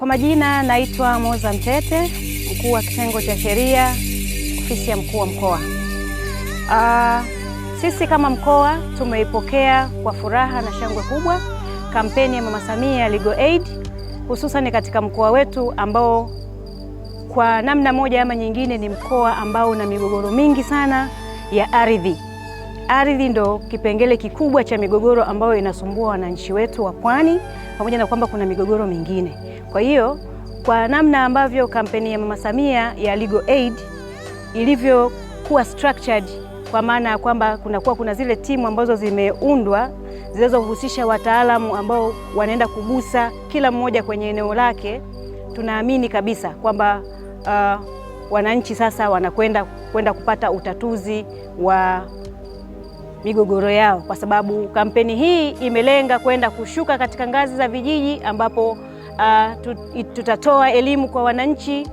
Kwa majina naitwa Moza Mtete, mkuu wa kitengo cha sheria, ofisi ya mkuu wa mkoa. Uh, sisi kama mkoa tumeipokea kwa furaha na shangwe kubwa kampeni ya Mama Samia Legal Aid, hususan katika mkoa wetu ambao kwa namna moja ama nyingine ni mkoa ambao una migogoro mingi sana ya ardhi ardhi ndo kipengele kikubwa cha migogoro ambayo inasumbua wananchi wetu wa Pwani, pamoja na kwamba kuna migogoro mingine. Kwa hiyo kwa namna ambavyo kampeni ya Mama Samia ya Legal Aid ilivyokuwa structured, kwa maana ya kwamba kunakuwa kuna zile timu ambazo zimeundwa zinazohusisha wataalamu ambao wanaenda kugusa kila mmoja kwenye eneo lake, tunaamini kabisa kwamba uh, wananchi sasa wanakwenda kwenda kupata utatuzi wa migogoro yao, kwa sababu kampeni hii imelenga kwenda kushuka katika ngazi za vijiji, ambapo uh, tutatoa elimu kwa wananchi,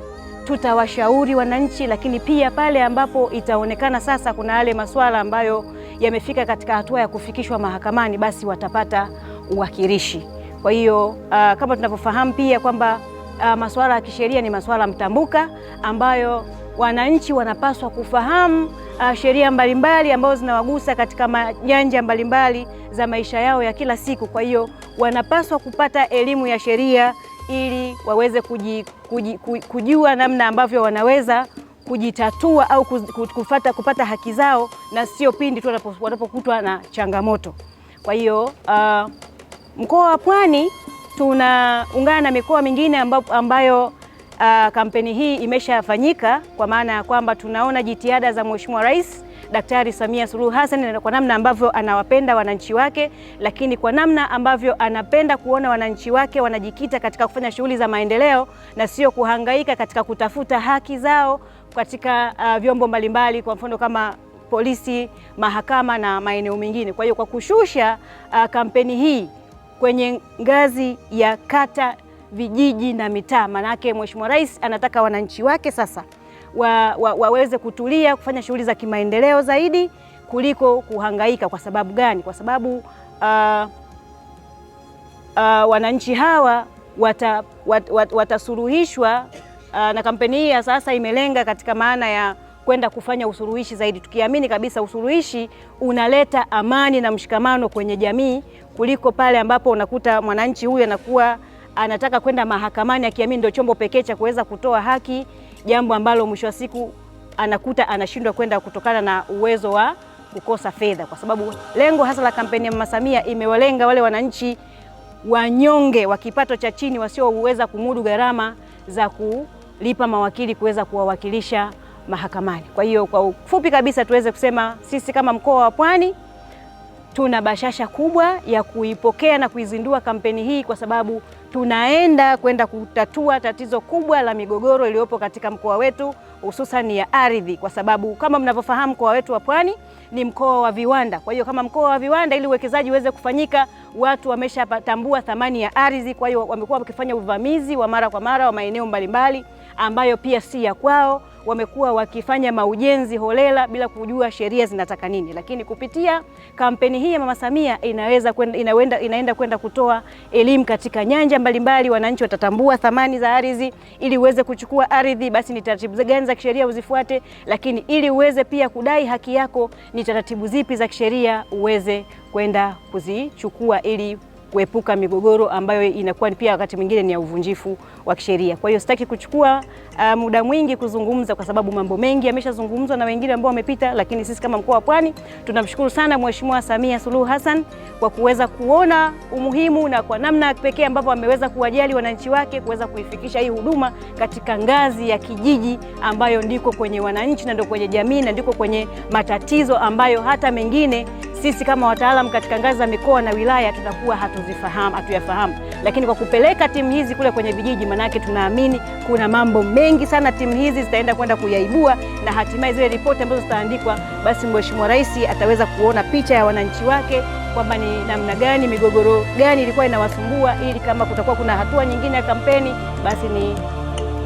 tutawashauri wananchi, lakini pia pale ambapo itaonekana sasa kuna yale masuala ambayo yamefika katika hatua ya kufikishwa mahakamani, basi watapata uwakilishi. Kwa hiyo uh, kama tunavyofahamu pia kwamba uh, masuala ya kisheria ni masuala mtambuka ambayo wananchi wanapaswa kufahamu uh, sheria mbalimbali ambazo zinawagusa katika nyanja mbalimbali za maisha yao ya kila siku. Kwa hiyo wanapaswa kupata elimu ya sheria ili waweze kuji, kuji, kujua namna ambavyo wanaweza kujitatua au kufata, kupata haki zao na sio pindi tu wanapokutwa na changamoto. Kwa hiyo uh, mkoa wa Pwani tunaungana na mikoa mingine ambayo Uh, kampeni hii imeshafanyika kwa maana ya kwamba tunaona jitihada za Mheshimiwa Rais Daktari Samia Suluhu Hassan kwa namna ambavyo anawapenda wananchi wake, lakini kwa namna ambavyo anapenda kuona wananchi wake wanajikita katika kufanya shughuli za maendeleo na sio kuhangaika katika kutafuta haki zao katika uh, vyombo mbalimbali, kwa mfano kama polisi, mahakama na maeneo mengine. Kwa hiyo kwa kushusha uh, kampeni hii kwenye ngazi ya kata vijiji na mitaa. Maanake Mheshimiwa Rais anataka wananchi wake sasa wa, wa, waweze kutulia kufanya shughuli za kimaendeleo zaidi kuliko kuhangaika. Kwa sababu gani? Kwa sababu uh, uh, wananchi hawa wata, wat, wat, watasuluhishwa uh, na kampeni hii ya sasa imelenga katika maana ya kwenda kufanya usuluhishi zaidi, tukiamini kabisa usuluhishi unaleta amani na mshikamano kwenye jamii kuliko pale ambapo unakuta mwananchi huyu anakuwa anataka kwenda mahakamani akiamini ndio chombo pekee cha kuweza kutoa haki, jambo ambalo mwisho wa siku anakuta anashindwa kwenda kutokana na uwezo wa kukosa fedha, kwa sababu lengo hasa la kampeni ya Mama Samia imewalenga wale wananchi wanyonge wa kipato cha chini wasioweza kumudu gharama za kulipa mawakili kuweza kuwawakilisha mahakamani. Kwa hiyo kwa ufupi kabisa tuweze kusema sisi kama mkoa wa Pwani tuna bashasha kubwa ya kuipokea na kuizindua kampeni hii kwa sababu tunaenda kwenda kutatua tatizo kubwa la migogoro iliyopo katika mkoa wetu hususan ya ardhi, kwa sababu kama mnavyofahamu mkoa wetu wa Pwani ni mkoa wa viwanda. Kwa hiyo kama mkoa wa viwanda, ili uwekezaji uweze kufanyika, watu wameshatambua thamani ya ardhi. Kwa hiyo wamekuwa wakifanya uvamizi wa mara kwa mara wa maeneo mbalimbali ambayo pia si ya kwao wamekuwa wakifanya maujenzi holela bila kujua sheria zinataka nini, lakini kupitia kampeni hii ya Mama Samia inaweza kwenda, inaenda kwenda kutoa elimu katika nyanja mbalimbali. Wananchi watatambua thamani za ardhi, ili uweze kuchukua ardhi, basi ni taratibu gani za kisheria uzifuate, lakini ili uweze pia kudai haki yako, ni taratibu zipi za kisheria uweze kwenda kuzichukua ili kuepuka migogoro ambayo inakuwa pia wakati mwingine ni ya uvunjifu wa kisheria. Kwa hiyo sitaki kuchukua uh, muda mwingi kuzungumza kwa sababu mambo mengi yameshazungumzwa na wengine ambao wamepita, lakini sisi kama mkoa wa Pwani tunamshukuru sana Mheshimiwa Samia Suluhu Hassan kwa kuweza kuona umuhimu na kwa namna pekee ambavyo ameweza kuwajali wananchi wake kuweza kuifikisha hii huduma katika ngazi ya kijiji ambayo ndiko kwenye wananchi na ndio kwenye jamii na ndiko kwenye matatizo ambayo hata mengine sisi kama wataalamu katika ngazi za mikoa na wilaya tutakuwa hatuzifahamu, hatuyafahamu, lakini kwa kupeleka timu hizi kule kwenye vijiji, manake tunaamini kuna mambo mengi sana timu hizi zitaenda kwenda kuyaibua, na hatimaye zile ripoti ambazo zitaandikwa, basi Mheshimiwa Rais ataweza kuona picha ya wananchi wake kwamba ni namna gani, migogoro gani ilikuwa inawasumbua, ili kama kutakuwa kuna hatua nyingine ya kampeni, basi ni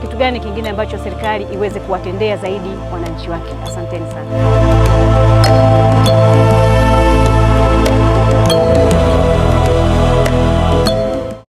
kitu gani kingine ambacho serikali iweze kuwatendea zaidi wananchi wake. Asanteni sana.